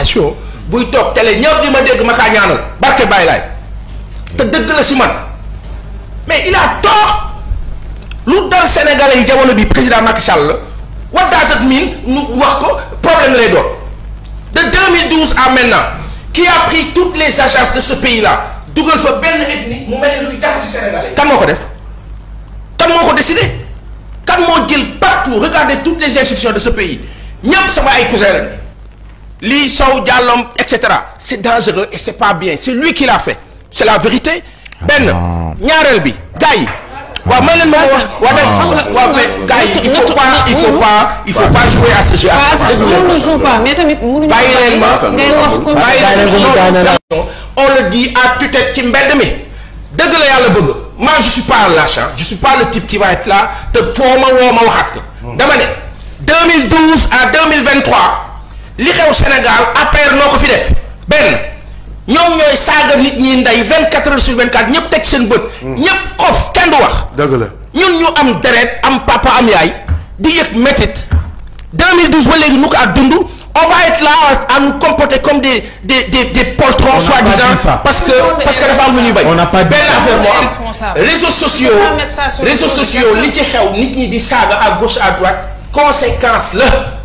à chaud buy toog télé ñëpp di ma dégg ma kaa barke te dëgg la si man mais il a tort lu Sénégalais yi jamono bi président Macky Sall what does it mean Nous wax ko problème lay doon de 2012 à maintenant qui a pris toutes les agences de ce pays là Dougal fa Ben ethnie mu mel ni luy jaxasi Sénégalais. kan moo ko def kan moo ko décidé kan moo jël partout regardez toutes les institutions de ce pays ñëpp sama ay cousin lañ. Li sow jàllam etc c'est dangereux et c'est pas bien c'est lui qui l'a fait c'est la vérité. Ben, ah. ñaareel bi gars ah. ah, il faut pas il faut pas il faut pas jouer à ce jeu. on ne joue pas mais tamit on le dit à tout tête ci mbedd mi dëgg moi je suis pas lâche hein. je suis pas le type qui va être là de foo ma woo ma waxaat 2012 hmm. à 2023 li xew Sénégal APR noo fi def ben ñom ñoy saga nit ñi nday 24 heures sur 24 ñep tek teg seen bët. Hmm. ñëpp xof kenn du wax. deug la ñun ñu am deret am papa am yaay di yek metit 2012 ba léegi nu ak dundu on va être là à nous comporter comme des des des des poltrons soi-disant parce que parce que dafa femme lu ñuy bay on n'a pas dit ça affaire moo réseaux sociaux réseaux sociaux li ci xew nit ñi di saga à gauche à droite conséquence la.